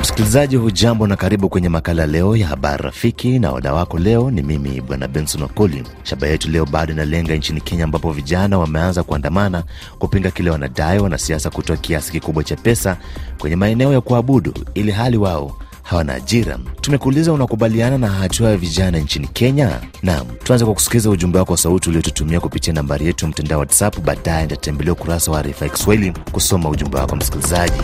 Msikilizaji hujambo na karibu kwenye makala leo ya habari rafiki, na wada wako leo ni mimi bwana Benson Okoli. Shabaha yetu leo bado inalenga nchini Kenya, ambapo vijana wameanza kuandamana kupinga kile wanadai wanasiasa kutoa kiasi kikubwa cha pesa kwenye maeneo ya kuabudu, ili hali wao hawana ajira. Tumekuuliza, unakubaliana na hatua ya vijana nchini Kenya? Naam, tuanze kwa kusikiliza ujumbe wako wa sauti uliotutumia kupitia nambari yetu ya mtandao WhatsApp. Baadaye nitatembelea ukurasa wa RFI Kiswahili kusoma ujumbe wako msikilizaji.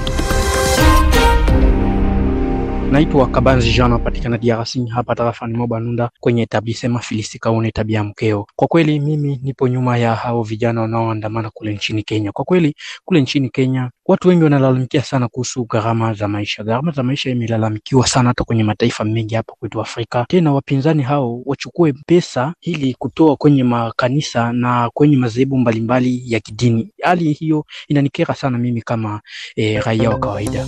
Naitwa Kabanzi Jean, napatikana DRC hapa tarafani Mobanunda kwenye tabisema filisi kaone tabia mkeo. Kwa kweli mimi nipo nyuma ya hao vijana wanaoandamana kule nchini Kenya. Kwa kweli kule nchini Kenya Watu wengi wanalalamikia sana kuhusu gharama za maisha. Gharama za maisha imelalamikiwa sana hata kwenye mataifa mengi hapa kwetu Afrika. Tena wapinzani hao wachukue pesa ili kutoa kwenye makanisa na kwenye madhehebu mbalimbali ya kidini. Hali hiyo inanikera sana mimi kama e, raia wa kawaida.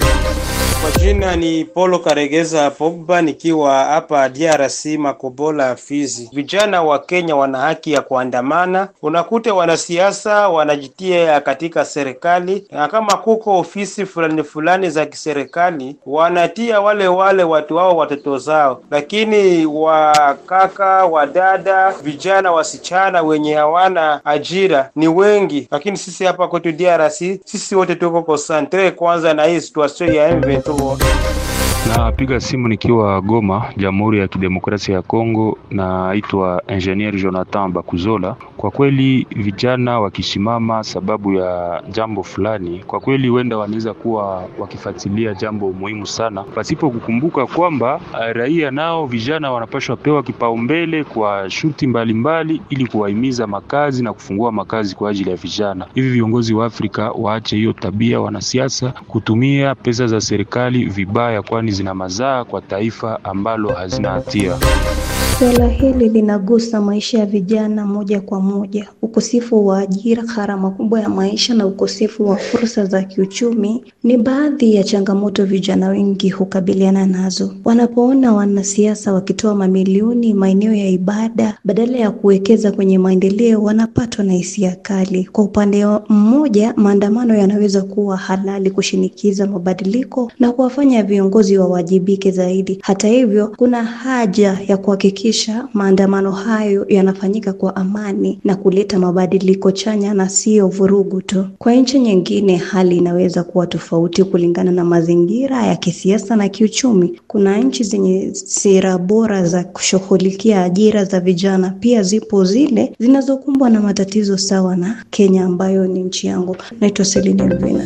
Kwa jina ni Polo Karegeza Pogba, nikiwa hapa DRC Makobola, Fizi. Vijana wa Kenya wana haki ya kuandamana. Unakuta wanasiasa wanajitia katika serikali na kama kuko ofisi fulani fulani za kiserikali wanatia wale wale watu wao watoto zao, lakini wakaka, wadada, vijana, wasichana wenye hawana ajira ni wengi. Lakini sisi hapa kwetu DRC, sisi wote tuko konsantre kwanza na hii situation ya M23. Napiga simu nikiwa Goma, Jamhuri ya Kidemokrasia ya Kongo. Naitwa Engineer Jonathan Bakuzola. Kwa kweli vijana wakisimama sababu ya jambo fulani, kwa kweli wenda wanaweza kuwa wakifuatilia jambo muhimu sana, pasipo kukumbuka kwamba eh, raia nao vijana wanapashwa pewa kipaumbele kwa shuti mbalimbali mbali, ili kuwahimiza makazi na kufungua makazi kwa ajili ya vijana. Hivi viongozi wa Afrika waache hiyo tabia, wanasiasa kutumia pesa za serikali vibaya, kwani zina mazaa kwa taifa ambalo hazina hatia Suala hili linagusa maisha ya vijana moja kwa moja. Ukosefu wa ajira, gharama kubwa ya maisha na ukosefu wa fursa za kiuchumi ni baadhi ya changamoto vijana wengi hukabiliana nazo. Wanapoona wanasiasa wakitoa mamilioni maeneo ya ibada badala ya kuwekeza kwenye maendeleo, wanapatwa na hisia kali. Kwa upande mmoja, maandamano yanaweza kuwa halali kushinikiza mabadiliko na kuwafanya viongozi wawajibike zaidi. Hata hivyo, kuna haja ya kuhakikisha kuhakikisha maandamano hayo yanafanyika kwa amani na kuleta mabadiliko chanya na siyo vurugu tu. Kwa nchi nyingine hali inaweza kuwa tofauti kulingana na mazingira ya kisiasa na kiuchumi. Kuna nchi zenye sera bora za kushughulikia ajira za vijana, pia zipo zile zinazokumbwa na matatizo sawa na Kenya ambayo ni nchi yangu. Naitwa Celine Elvina.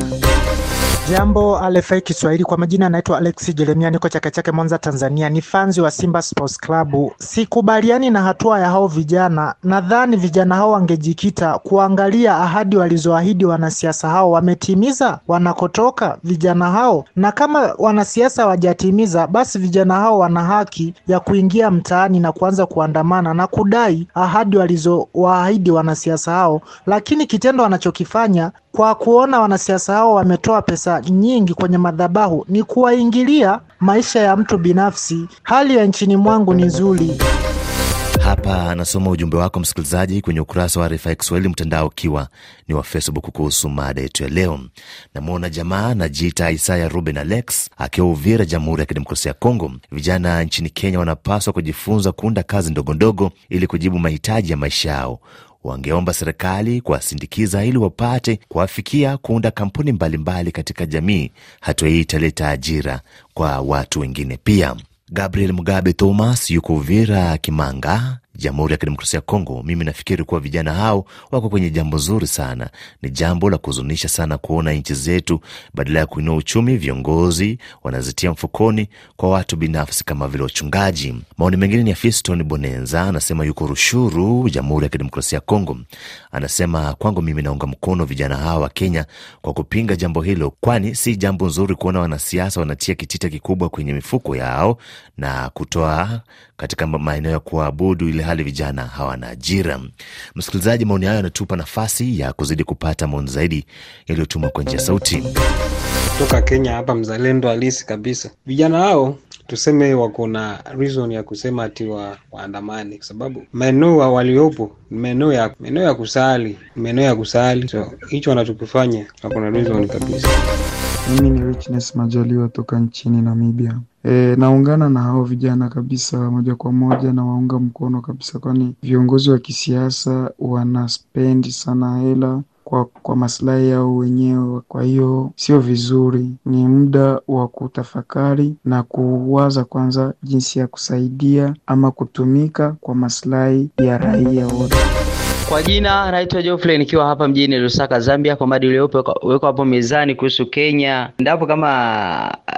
Jambo RFI Kiswahili, kwa majina anaitwa Alex Jeremia, niko Chake Chake, Mwanza, Tanzania. Ni fanzi wa Simba Sports Club. Sikubaliani na hatua ya hao vijana. Nadhani vijana hao wangejikita kuangalia ahadi walizoahidi wanasiasa hao wametimiza wanakotoka vijana hao, na kama wanasiasa wajatimiza, basi vijana hao wana haki ya kuingia mtaani na kuanza kuandamana na kudai ahadi walizowaahidi wanasiasa hao, lakini kitendo wanachokifanya kwa kuona wanasiasa hao wametoa pesa nyingi kwenye madhabahu ni kuwaingilia maisha ya mtu binafsi. Hali ya nchini mwangu ni nzuri. Hapa anasoma ujumbe wako msikilizaji kwenye ukurasa wa ya Kiswahili mtandao ukiwa ni wa Facebook kuhusu mada yetu ya leo. Namwona jamaa najiita Isaya Ruben Alex akiwa Uvira, Jamhuri ya Kidemokrasia ya Kongo. Vijana nchini Kenya wanapaswa kujifunza kuunda kazi ndogondogo ili kujibu mahitaji ya maisha yao wangeomba serikali kuwasindikiza ili wapate kuwafikia kuunda kampuni mbalimbali mbali katika jamii. Hatua hii italeta ajira kwa watu wengine pia. Gabriel Mugabe Thomas yuko Uvira Kimanga, Jamhuri ya Kidemokrasia ya Kongo, mimi nafikiri kuwa vijana hao wako kwenye jambo zuri sana. Ni jambo la kuhuzunisha sana kuona nchi zetu, badala ya kuinua uchumi, viongozi wanazitia mfukoni kwa watu binafsi kama vile wachungaji. Maoni mengine ni ya Fiston Bonenza, anasema yuko Rushuru, Jamhuri ya Kidemokrasia ya Kongo. Anasema kwangu mimi naunga mkono vijana hao wa Kenya kwa kupinga jambo hilo, kwani si jambo nzuri kuona wanasiasa wanatia kitita kikubwa kwenye mifuko yao na kutoa katika maeneo ya kuabudu ili hali vijana hawana ajira. Msikilizaji, maoni hayo yanatupa nafasi ya kuzidi kupata maoni zaidi yaliyotumwa kwa njia sauti toka Kenya hapa, mzalendo halisi kabisa. Vijana hao tuseme wako na reason ya kusema ati wa waandamani kwa sababu maeneo wa waliopo maeneo ya maeneo ya kusali maeneo ya kusali, so hicho wanachokifanya wako na reason kabisa. Mimi ni Richness Majaliwa toka nchini Namibia. E, naungana na hao vijana kabisa moja kwa moja na waunga mkono kabisa, kwani viongozi wa kisiasa wanaspendi sana hela kwa, kwa maslahi yao wenyewe. Kwa hiyo sio vizuri, ni muda wa kutafakari na kuwaza kwanza jinsi ya kusaidia ama kutumika kwa maslahi ya raia wote. Kwa jina naitwa Geoffrey nikiwa hapa mjini Lusaka, Zambia, kwa mada iliyowekwa hapo mezani kuhusu Kenya. Ndapo kama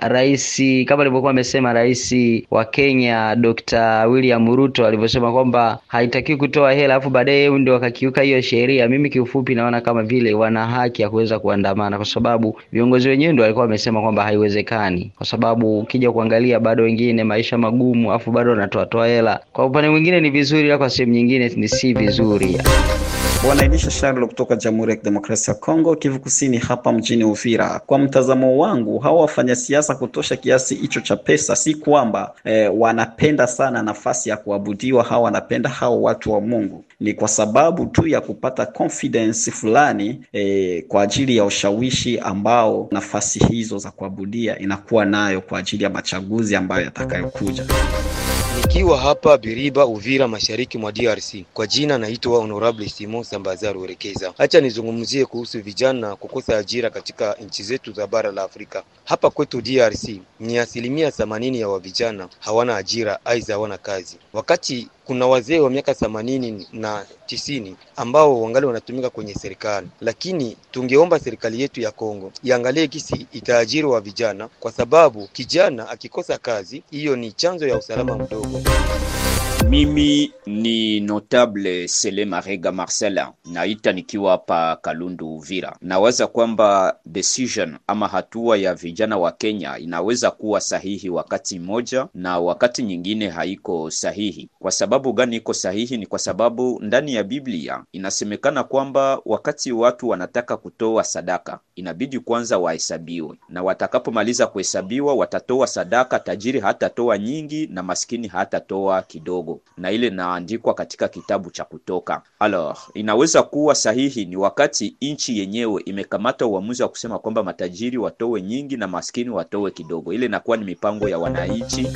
rais, kama alivyokuwa amesema rais wa Kenya Dr. William Ruto alivyosema kwamba haitakiwi kutoa hela alafu baadaye ndio wakakiuka hiyo sheria, mimi kiufupi naona kama vile wana haki ya kuweza kuandamana, kwa sababu viongozi wenyewe ndio walikuwa wamesema kwamba haiwezekani, kwa sababu ukija kuangalia bado wengine maisha magumu, alafu bado wanatoa toa hela. Kwa upande mwingine ni vizuri, kwa sehemu nyingine ni si vizuri. Bwana Sharlo kutoka Jamhuri ya Kidemokrasia ya Kongo, Kivu Kusini, hapa mjini Uvira. Kwa mtazamo wangu, hawa wafanya siasa kutosha kiasi hicho cha pesa, si kwamba eh, wanapenda sana nafasi ya kuabudiwa. Hawa wanapenda hawa watu wa Mungu, ni kwa sababu tu ya kupata confidence fulani eh, kwa ajili ya ushawishi ambao nafasi hizo za kuabudia inakuwa nayo kwa ajili ya machaguzi ambayo yatakayokuja. Nikiwa hapa Biriba, Uvira, mashariki mwa DRC. Kwa jina naitwa Honorable Simon Sambazaru Werekeza. Acha nizungumzie kuhusu vijana kukosa ajira katika nchi zetu za bara la Afrika. Hapa kwetu DRC ni asilimia themanini ya wa vijana hawana ajira, aidha hawana kazi, wakati kuna wazee wa miaka themanini na tisini ambao wangali wanatumika kwenye serikali, lakini tungeomba serikali yetu ya Kongo iangalie kisi itaajiri wa vijana, kwa sababu kijana akikosa kazi, hiyo ni chanzo ya usalama mdogo. Mimi ni notable Sele Marega Marcela, naita nikiwa hapa Kalundu Uvira. Nawaza kwamba decision ama hatua ya vijana wa Kenya inaweza kuwa sahihi wakati mmoja na wakati nyingine haiko sahihi, kwa sababu sababu gani iko sahihi? Ni kwa sababu ndani ya Biblia inasemekana kwamba wakati watu wanataka kutoa sadaka inabidi kwanza wahesabiwe, na watakapomaliza kuhesabiwa watatoa sadaka. Tajiri hatatoa nyingi na maskini hatatoa kidogo, na ile inaandikwa katika kitabu cha Kutoka. alo inaweza kuwa sahihi ni wakati nchi yenyewe imekamata uamuzi wa kusema kwamba matajiri watowe nyingi na maskini watowe kidogo. Ile inakuwa ni mipango ya wananchi.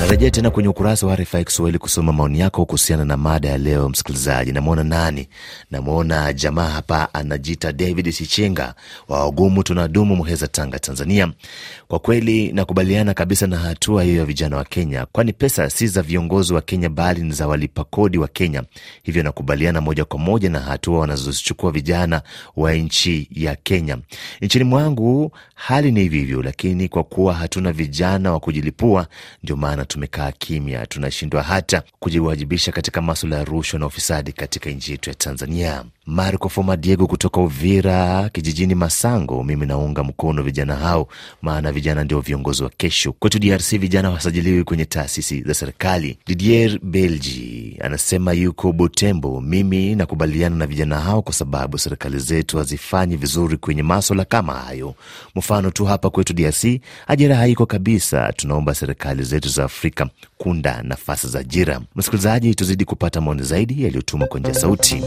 Narejea tena kwenye ukurasa wa RFI Kiswahili kusoma maoni yako kuhusiana na mada ya leo. Msikilizaji, namwona nani? Namwona jamaa hapa anajita David Sichinga wa wagumu tunadumu, Muheza, Tanga, Tanzania. Kwa kweli nakubaliana kabisa na hatua hiyo ya vijana wa Kenya, kwani pesa si za viongozi wa Kenya bali ni za walipa kodi wa Kenya. Hivyo nakubaliana moja kwa moja na hatua wanazozichukua vijana wa nchi ya Kenya. Nchini mwangu hali ni hivyo hivyo, lakini kwa kuwa hatuna vijana wa kujilipua, ndio maana na tumekaa kimya, tunashindwa hata kujiwajibisha katika maswala ya rushwa na ufisadi katika nchi yetu ya Tanzania. Marco Foma Diego kutoka Uvira kijijini Masango, mimi naunga mkono vijana hao, maana vijana ndio viongozi wa kesho kwetu. DRC vijana wasajiliwi kwenye taasisi za serikali. Didier Belgi anasema yuko Butembo, mimi nakubaliana na vijana hao kwa sababu serikali zetu hazifanyi vizuri kwenye maswala kama hayo. Mfano tu hapa kwetu DRC ajira haiko kabisa, tunaomba serikali zetu za Afrika kunda nafasi za ajira. Msikilizaji, tuzidi kupata maoni zaidi yaliyotumwa kwa njia sauti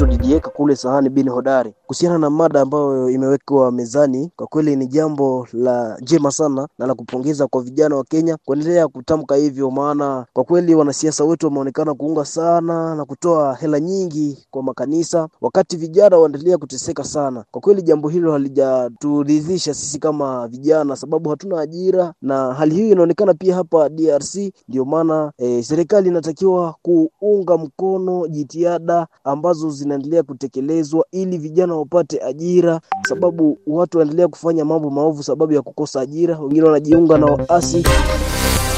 walilojiweka kule sahani bin hodari. Kuhusiana na mada ambayo imewekwa mezani, kwa kweli ni jambo la jema sana na la kupongeza kwa vijana wa Kenya kuendelea kutamka hivyo, maana kwa kweli wanasiasa wetu wameonekana kuunga sana na kutoa hela nyingi kwa makanisa, wakati vijana waendelea kuteseka sana. Kwa kweli jambo hilo halijaturidhisha sisi kama vijana, sababu hatuna ajira na hali hiyo inaonekana pia hapa DRC. Ndio maana e, serikali inatakiwa kuunga mkono jitihada ambazo ambazo zinaendelea kutekelezwa ili vijana wapate ajira, sababu watu waendelea kufanya mambo maovu sababu ya kukosa ajira, wengine wanajiunga na waasi.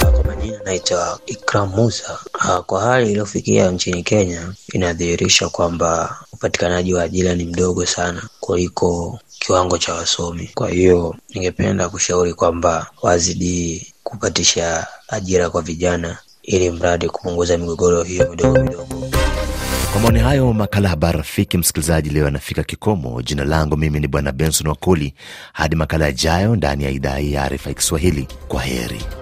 Kwa majina naitwa Ikram Musa. Ah, kwa hali iliyofikia nchini Kenya, inadhihirisha kwamba upatikanaji wa ajira ni mdogo sana kuliko kiwango cha wasomi. Kwa hiyo ningependa kushauri kwamba wazidi kupatisha ajira kwa vijana ili mradi kupunguza migogoro hiyo midogo midogo. Kwa maoni hayo, makala Habari Rafiki msikilizaji leo yanafika kikomo. Jina langu mimi ni Bwana Benson Wakoli. Hadi makala yajayo ndani ya idhaa hii ya Arifa ya Kiswahili, kwa heri.